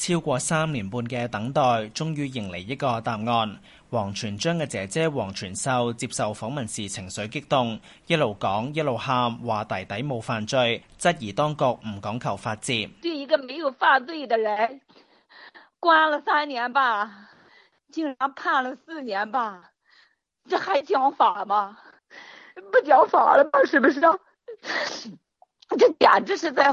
超過三年半嘅等待，終於迎嚟一個答案。王全璋嘅姐姐王全秀接受訪問時情緒激動，一路講一路喊，話弟弟冇犯罪，質疑當局唔講求法治。對一個沒有犯罪嘅人，關了三年半，竟然判了四年半，這還講法嗎？不講法了吧？是不是？這簡直是在。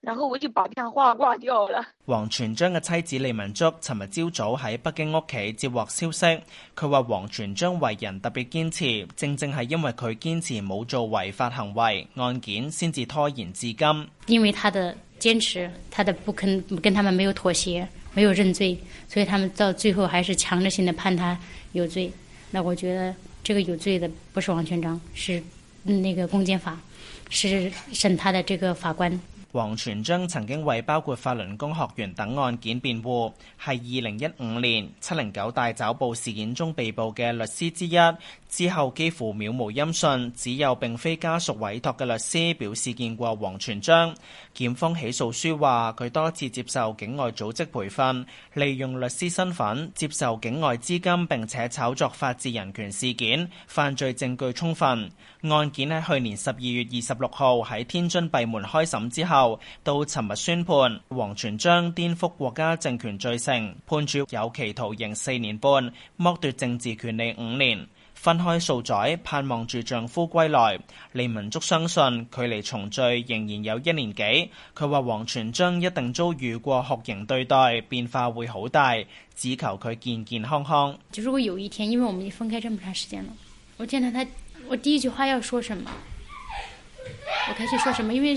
然後我就把電話掛掉了。王全璋嘅妻子李文足，尋日朝早喺北京屋企接獲消息。佢話王全璋為人特別堅持，正正係因為佢堅持冇做違法行為，案件先至拖延至今。因為他的堅持，他的不肯跟他們沒有妥協，沒有認罪，所以他們到最後還是強制性的判他有罪。那我覺得這個有罪的不是王全璋，是那個公檢法，是審他的這個法官。王全璋曾經為包括法輪功學員等案件辯護，係二零一五年七零九大抓捕事件中被捕嘅律師之一。之後幾乎渺無音訊，只有並非家屬委託嘅律師表示見過王全璋。檢方起訴書話佢多次接受境外組織培訓，利用律師身份接受境外資金，並且炒作法治人權事件，犯罪證據充分。案件喺去年十二月二十六號喺天津閉門開審之後。到尋日宣判，王全璋顛覆國家政權罪成，判處有期徒刑四年半，剝奪政治權利五年。分開數載，盼望住丈夫歸來。李文足相信，距離重聚仍然有一年幾。佢話王全璋一定遭遇過酷刑對待，變化會好大。只求佢健健康康。就如果有一天，因為我們已經分開這麼長時間了，我見到他，我第一句話要說什麼？我開始說什麼？因為。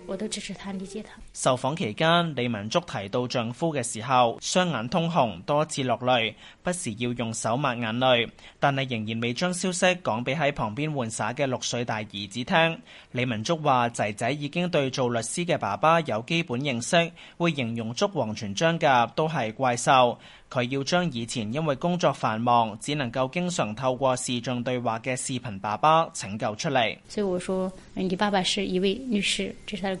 我都支持他，理解他。受訪期間，李文足提到丈夫嘅時候，雙眼通紅，多次落淚，不時要用手抹眼淚，但係仍然未將消息講俾喺旁邊玩耍嘅六歲大兒子聽。李文足話：仔仔已經對做律師嘅爸爸有基本認識，會形容捉王全璋噶都係怪獸。佢要將以前因為工作繁忙，只能夠經常透過視像對話嘅視頻爸爸拯救出嚟。所以我說，你爸爸是一位律師，這是他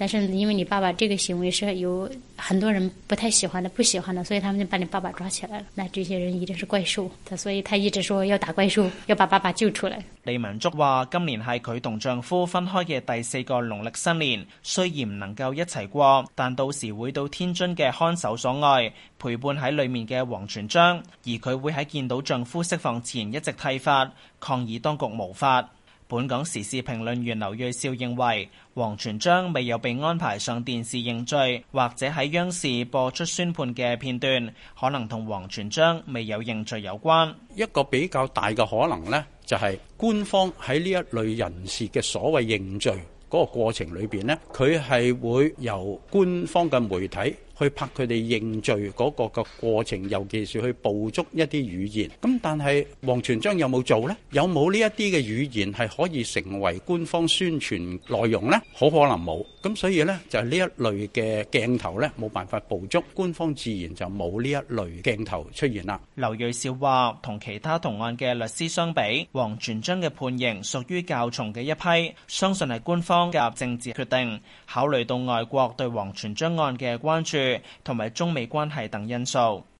但是因為你爸爸這個行為是有很多人不太喜歡的，不喜歡的，所以他們就把你爸爸抓起來了。那這些人一定是怪獸，所以他一直說要打怪獸，要把爸爸救出來。李文足話：今年係佢同丈夫分開嘅第四個農曆新年，雖然唔能夠一齊過，但到時會到天津嘅看守所外陪伴喺裏面嘅王全璋，而佢會喺見到丈夫釋放前一直剃髮抗議當局無法。本港時事評論員劉瑞兆認為，王全璋未有被安排上電視認罪，或者喺央視播出宣判嘅片段，可能同王全璋未有認罪有關。一個比較大嘅可能呢，就係官方喺呢一類人士嘅所謂認罪嗰個過程裏面，呢佢係會由官方嘅媒體。去拍佢哋認罪嗰個嘅過程，尤其是去捕捉一啲語言。咁但係王全璋有冇做咧？有冇呢一啲嘅語言係可以成為官方宣傳內容咧？好可能冇。咁所以咧，就係呢一類嘅鏡頭咧，冇辦法捕捉，官方自然就冇呢一類鏡頭出現啦。劉瑞兆話，同其他同案嘅律師相比，王全璋嘅判刑屬於較重嘅一批，相信係官方嘅政治決定。考慮到外國對王全璋案嘅關注，同埋中美關係等因素。